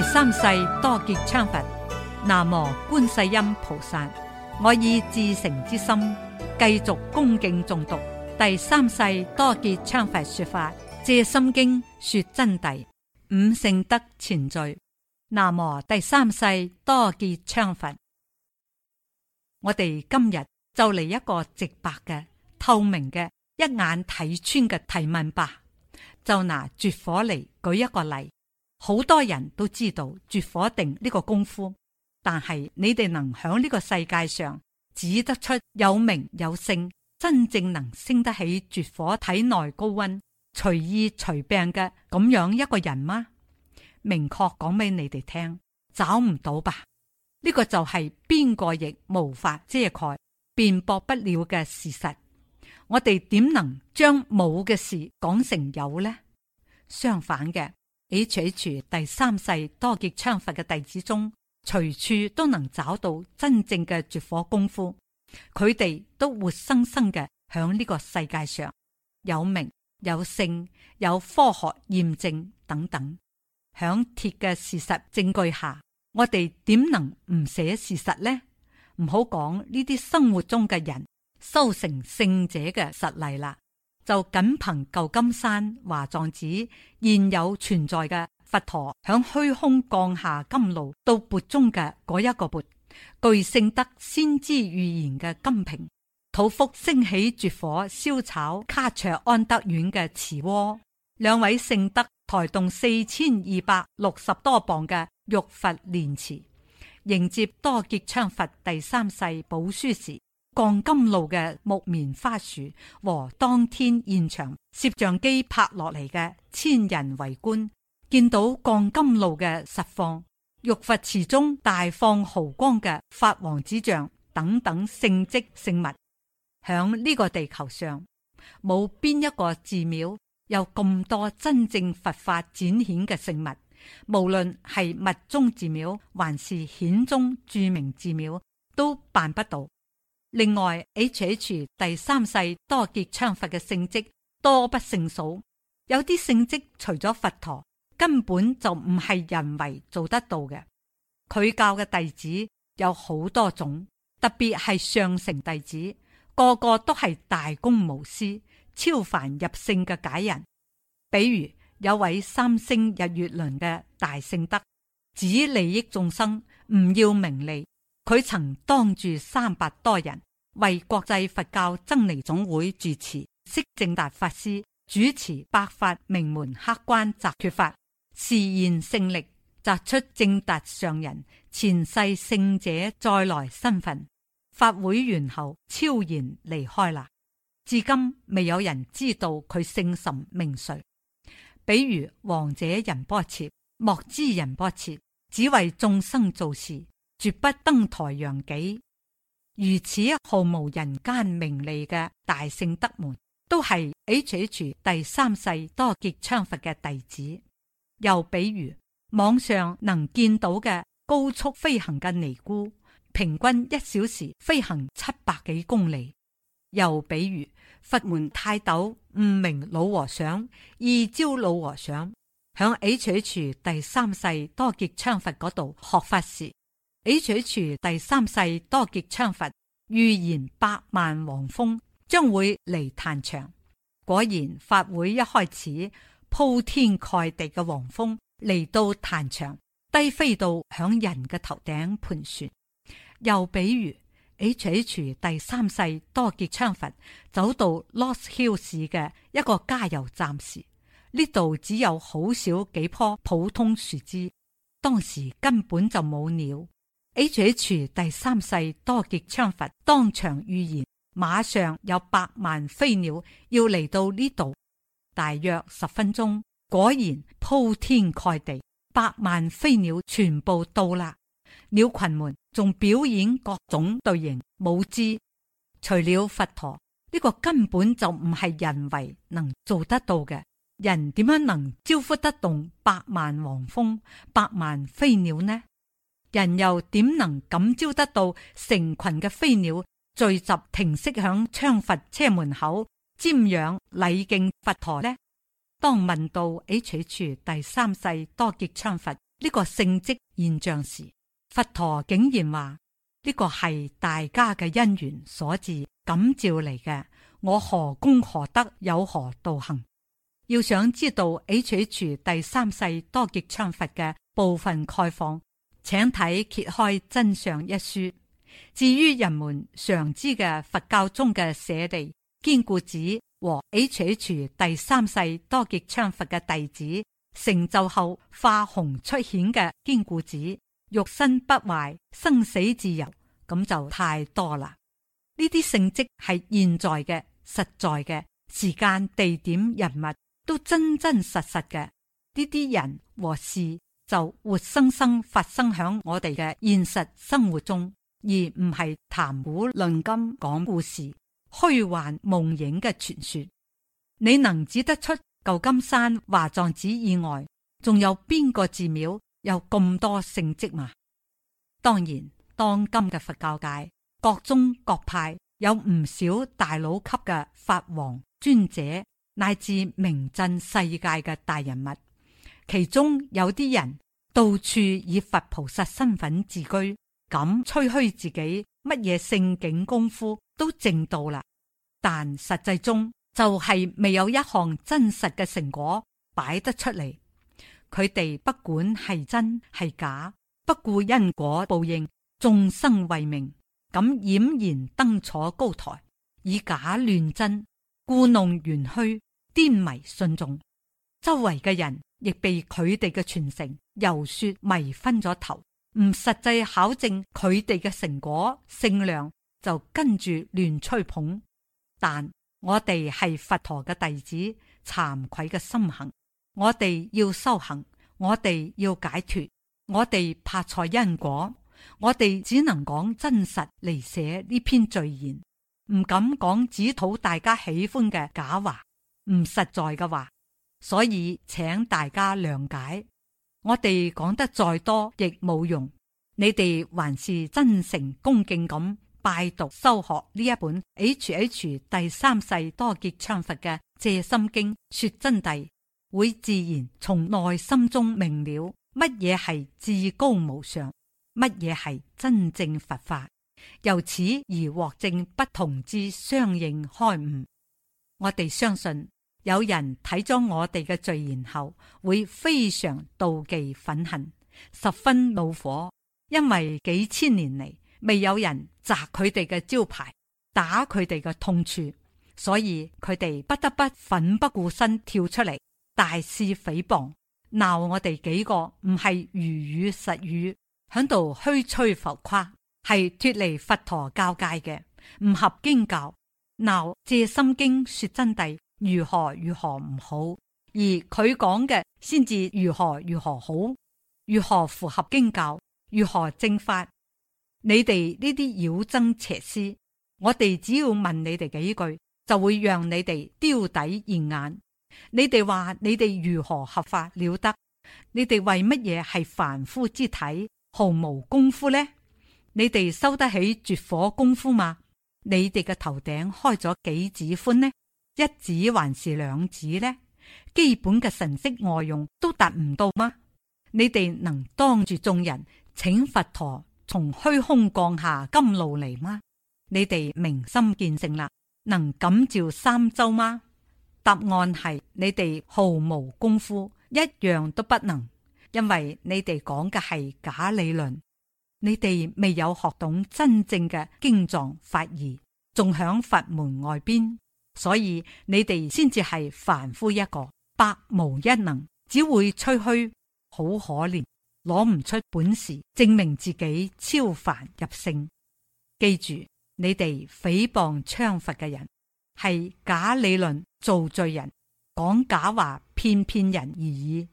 第三世多杰羌佛，南無觀世音菩薩。我以至誠之心繼續恭敬誦讀第三世多杰羌佛說法《藉心經》說真諦五聖德前序。南無第三世多杰羌佛。我哋今日就嚟一個直白嘅、透明嘅、一眼睇穿嘅提問吧。就拿絕火嚟舉一個例。好多人都知道絕火定呢個功夫，但係你哋能響呢個世界上指得出有名有姓、真正能升得起絕火體內高溫、隨意除病嘅咁樣一個人嗎？明確講俾你哋聽，找唔到吧？呢個就係邊個亦無法遮蓋、辯駁不了嘅事實。我哋點能將冇嘅事講成有呢？相反嘅。H H 第三世多杰羌佛嘅弟子中，隨處都能找到真正嘅絕火功夫。佢哋都活生生嘅響呢個世界上，有名有姓，有科學驗證等等，響鐵嘅事實證據下，我哋點能唔寫事實呢？唔好講呢啲生活中嘅人修成聖者嘅實例啦。就僅憑舊金山華藏寺現有存在嘅佛陀響虛空降下金露到缽中嘅嗰一個缽，具聖德先知預言嘅金瓶，土福升起絕火燒炒卡卓安德遠嘅瓷鍋，兩位聖德抬動四千二百六十多磅嘅玉佛蓮池，迎接多杰羌佛第三世寶書時降金露嘅木棉花樹和當天現場攝像機拍落嚟嘅千人圍觀，見到降金露嘅實況，玉佛池中大放毫光嘅法王子像等等聖迹聖物，響呢個地球上冇邊一個寺廟有咁多真正佛法展顯嘅聖物，無論係密宗寺廟還是顯宗著名寺廟都辦不到。另外 H.H. 第三世多杰羌佛嘅聖蹟多不勝數，有啲聖蹟除咗佛陀根本就唔係人為做得到嘅。佢教嘅弟子有好多種，特別係上乘弟子，個個都係大公無私、超凡入聖嘅解人。比如有位三星日月輪嘅大聖德，指利益眾生，唔要名利。佢曾當住三百多人為國際佛教僧尼總會主持，釋正達法師主持百法明門黑關擇決法，示現勝力，摘出正達上人前世聖者再來身份。法會完後超然離開啦，至今未有人知道佢姓甚名誰。比如王者仁波切、莫知仁波切，只為眾生做事。絕不登台揚己，如此毫無人間名利嘅大聖德門，都係 H H 第三世多杰羌佛嘅弟子。又比如網上能見到嘅高速飛行嘅尼姑，平均一小時飛行七百幾公里。又比如佛門泰斗悟明老和尚、二招老和尚，響 H H 第三世多杰羌佛嗰度學法時。H.H. 第三世多杰羌佛預言百萬黃蜂將會嚟壇場。果然法會一開始，鋪天蓋地嘅黃蜂嚟到壇場，低飛到響人嘅頭頂盤旋。又比如 H.H. 第三世多杰羌佛走到 Los Hill 市嘅一個加油站時，呢度只有好少幾棵普通樹枝，當時根本就冇鳥。H.H. 第三世多杰羌佛當場預言，馬上有百萬飛鳥要嚟到呢度，大約十分鐘。果然鋪天蓋地，百萬飛鳥全部到啦。鳥群們仲表演各種隊形，舞姿。」除了佛陀呢、呢個根本就唔係人為能做得到嘅。人點樣能招呼得動百萬黃蜂、百萬飛鳥呢？人又點能感召得到成群嘅飛鳥聚集停息響羌佛車門口瞻仰禮敬佛陀呢？當問到 H.H. 第三世多杰羌佛呢、這個聖迹現象時，佛陀竟然話呢、這個係大家嘅因緣所致感召嚟嘅，我何功何德有何道行？要想知道 H.H. 第三世多杰羌佛嘅部分概況。請睇揭開真相一書。至於人們常知嘅佛教中嘅舍利堅固子和 HH 第三世多杰羌佛嘅弟子成就後化虹出現嘅堅固子，肉身不壞，生死自由，咁就太多啦。呢啲聖跡係現在嘅，實在嘅，時間、地點、人物都真真實實嘅，呢啲人和事。就活生生發生響我哋嘅現實生活中，而唔係談古論今、講故事、虛幻夢影嘅傳說。你能指得出舊金山華藏寺以外，仲有邊個寺廟有咁多聖跡嘛？當然，當今嘅佛教界，各宗各派有唔少大佬級嘅法王尊者，乃至名震世界嘅大人物。其中有啲人到處以佛菩薩身份自居，咁吹噓自己乜嘢聖境功夫都證到啦，但實際中就係、是、未有一項真實嘅成果擺得出嚟。佢哋不管係真係假，不顧因果報應、眾生為名，咁儼然登坐高台，以假亂真，故弄玄虛，顛迷信眾，周圍嘅人。亦被佢哋嘅傳承遊說迷昏咗頭，唔實際考證佢哋嘅成果聖量，就跟住亂吹捧。但我哋係佛陀嘅弟子，慚愧嘅心行，我哋要修行，我哋要解脫，我哋怕錯因果，我哋只能講真實嚟寫呢篇序言，唔敢講只討大家喜歡嘅假話，唔實在嘅話。所以，請大家諒解，我哋講得再多亦冇用，你哋還是真誠恭敬咁拜讀修學呢一本《H H 第三世多杰羌佛嘅《藉心經》說真諦，會自然從內心中明了乜嘢係至高無上，乜嘢係真正佛法，由此而獲證不同之相應開悟。我哋相信。有人睇咗我哋嘅罪言後，會非常妒忌、憤恨，十分惱火，因為幾千年嚟未有人砸佢哋嘅招牌，打佢哋嘅痛處，所以佢哋不得不奮不顧身跳出嚟，大肆誹謗，鬧我哋幾個唔係如語實語，響度虛吹浮誇，係脫離佛陀教戒嘅，唔合經教，鬧《藉心經》說真諦。如何如何唔好，而佢講嘅先至如何如何好，如何符合經教，如何正法？你哋呢啲妖僧邪師，我哋只要問你哋幾句，就會讓你哋丟底現眼。你哋話你哋如何合法了得？你哋為乜嘢係凡夫之體，毫無功夫呢？你哋收得起拙火功夫嗎？你哋嘅頭頂開咗幾指寬呢？一指還是兩指呢？基本嘅神識外用都達唔到嗎？你哋能當住眾人，請佛陀從虛空降下甘露嚟嗎？你哋明心見性啦，能感召三洲嗎？答案係你哋毫無功夫，一樣都不能，因為你哋講嘅係假理論，你哋未有學懂真正嘅經藏法義，仲響佛門外邊。所以你哋先至係凡夫一個，百無一能，只會吹噓，好可憐，攞唔出本事證明自己超凡入聖。記住，你哋誹謗羌佛嘅人係假理論造罪人，講假話騙騙人而已。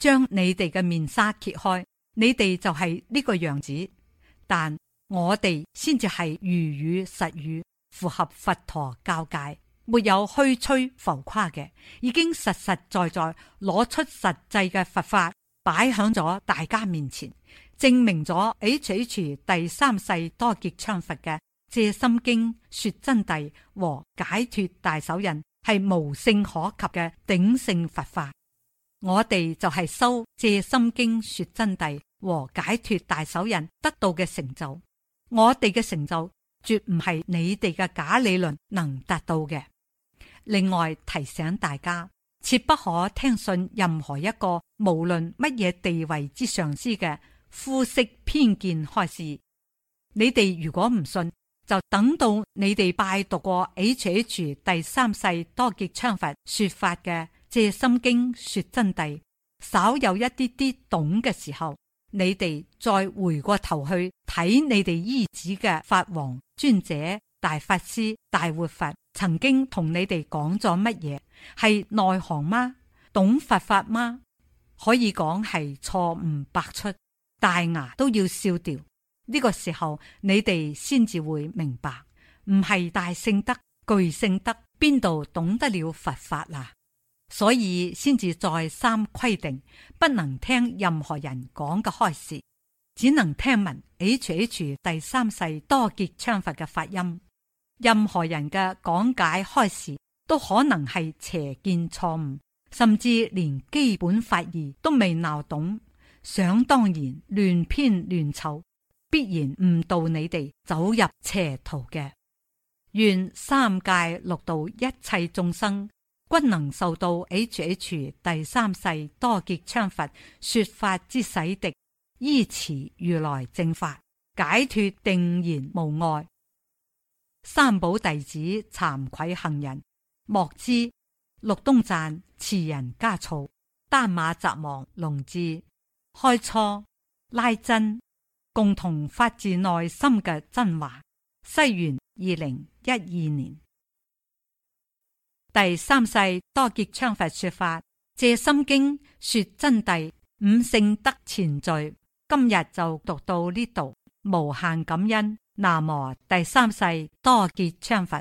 將你哋嘅面紗揭開，你哋就係呢個樣子，但我哋先至係如語實語，符合佛陀教誡。沒有虛吹浮誇嘅，已經實實在在攞出實際嘅佛法擺響咗大家面前，證明咗 H.H. 第三世多杰羌佛嘅《藉心經》《說真諦》和《解脱大手印》係無性可及嘅頂聖佛法。我哋就係修《藉心經》《說真諦》和《解脱大手印》得到嘅成就，我哋嘅成就絕唔係你哋嘅假理論能達到嘅。另外提醒大家，切不可聽信任何一個無論乜嘢地位之上師嘅膚色偏見開示。你哋如果唔信，就等到你哋拜讀過 H H 第三世多杰羌佛說法嘅《藉心經》說真諦，稍有一啲啲懂嘅時候，你哋再回過頭去睇你哋依止嘅法王尊者、大法師、大活佛。曾經同你哋講咗乜嘢？係內行嗎？懂佛法嗎？可以講係錯誤百出，大牙都要笑掉。呢、這個時候你哋先至會明白，唔係大聖德、巨聖德邊度懂得了佛法啦。所以先至再三規定，不能聽任何人講嘅開示，只能聽聞 HH 第三世多杰羌佛嘅發音。任何人嘅講解開始，都可能係邪見錯誤，甚至連基本法義都未鬧懂，想當然亂編亂湊，必然誤導你哋走入邪途嘅。願三界六道一切眾生，均能受到 H H, H. 第三世多杰羌佛說法之洗滌，依持如來正法，解脱定然無礙。三寶弟子慚愧行人莫知，陸東贊慈人加措，丹馬澤翁龍志、開初拉真，共同發自內心嘅真話。西元二零一二年，第三世多杰羌佛說法《藉心經》說真諦五聖德前序。今日就讀到呢度，無限感恩。南無第三世多杰羌佛。